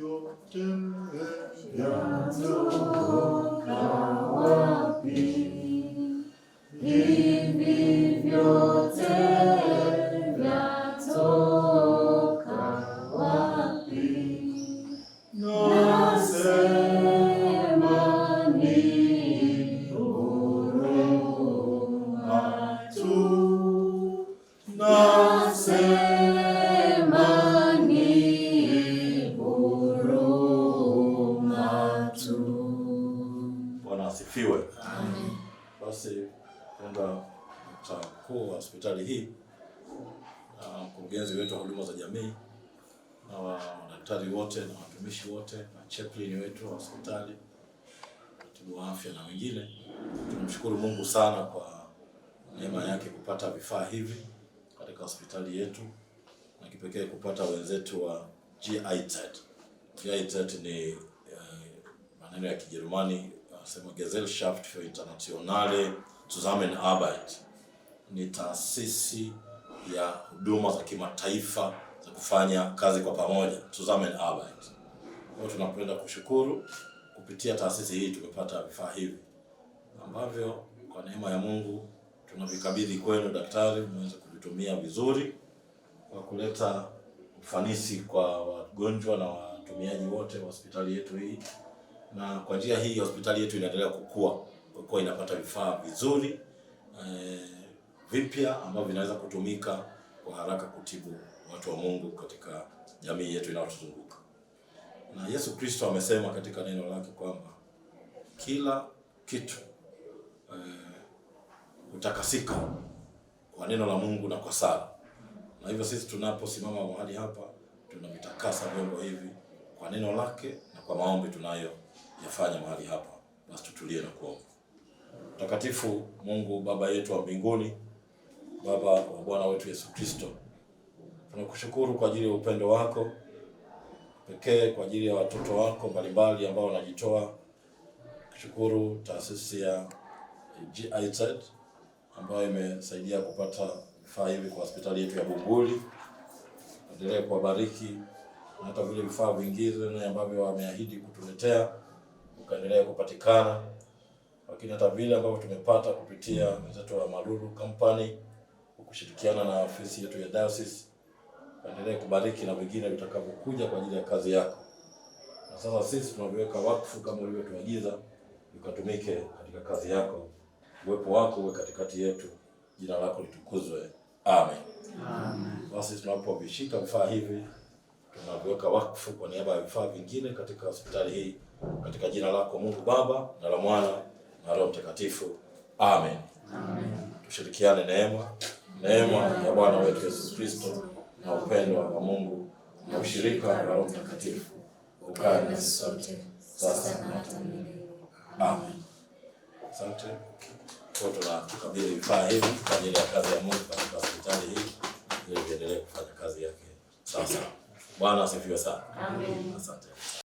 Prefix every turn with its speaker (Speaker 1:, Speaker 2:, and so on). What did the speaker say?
Speaker 1: Yok kimde yan. asifiwe. Amen. Basi kwenda cha mkuu wa hospitali hii na mkurugenzi wetu wa huduma za jamii na wa madaktari wote na watumishi wote na chaplain wetu wa hospitali watibu wa afya na wengine, tunamshukuru Mungu sana kwa neema yake kupata vifaa hivi katika hospitali yetu na kipekee kupata wenzetu wa GIZ. GIZ ni uh, maneno ya Kijerumani nasema Gesellschaft für internationale Zusammenarbeit ni taasisi ya huduma za kimataifa za kufanya kazi kwa pamoja, Zusammenarbeit. Kwa tunapenda kushukuru kupitia taasisi hii tumepata vifaa hivi ambavyo kwa neema ya Mungu tunavikabidhi kwenu daktari, mweze kuvitumia vizuri kwa kuleta ufanisi kwa wagonjwa na watumiaji wote wa hospitali yetu hii na kwa njia hii hospitali yetu inaendelea kukua kwa kuwa inapata vifaa vizuri e, vipya ambavyo vinaweza kutumika kwa haraka kutibu watu wa Mungu katika jamii yetu inayotuzunguka. Na Yesu Kristo amesema katika neno lake kwamba kila kitu e, eh, utakasika kwa neno la Mungu na kwa sala. Na hivyo sisi tunaposimama mahali hapa tunavitakasa vyombo hivi kwa neno lake na kwa maombi tunayo yafanye mahali hapa, basi tutulie na kuomba. Mtakatifu Mungu Baba yetu wa mbinguni, Baba wa Bwana wetu Yesu Kristo, tunakushukuru kwa ajili ya upendo wako pekee kwa ajili ya watoto wako mbalimbali ambao wanajitoa. Kushukuru taasisi ya GIZ ambayo imesaidia kupata vifaa hivi kwa hospitali yetu ya Bumbuli. Endelee kuwabariki na hata vile vifaa vingine ambavyo wameahidi kutuletea ukaendelea kupatikana, lakini hata vile ambavyo tumepata kupitia wenzetu wa Malulu Company kushirikiana na ofisi yetu ya diocese endelee kubariki na vingine vitakavyokuja kwa ajili ya kazi yako. Na sasa sisi tunaviweka wakfu kama ulivyotuagiza, ukatumike katika kazi yako. Uwepo wako uwe katikati yetu, jina lako litukuzwe. Amen.
Speaker 2: Amen.
Speaker 1: Basi tunapovishika vifaa hivi tunaviweka wakfu kwa niaba ya vifaa vingine katika hospitali hii katika jina lako Mungu Baba na la Mwana na Roho Mtakatifu, amen. Amen. Tushirikiane neema neema ya Bwana wetu Yesu Kristo na upendo wa Mungu na ushirika wa Roho Mtakatifu ukae nasi sote
Speaker 2: sasa na hata milele.
Speaker 1: Amen. Asante kwa tunakabidhi vifaa hivi kwa ajili ya kazi ya Mungu katika hospitali hii ili viendelee kufanya kazi yake. Sasa Bwana asifiwe sana.
Speaker 2: Amen. Asante.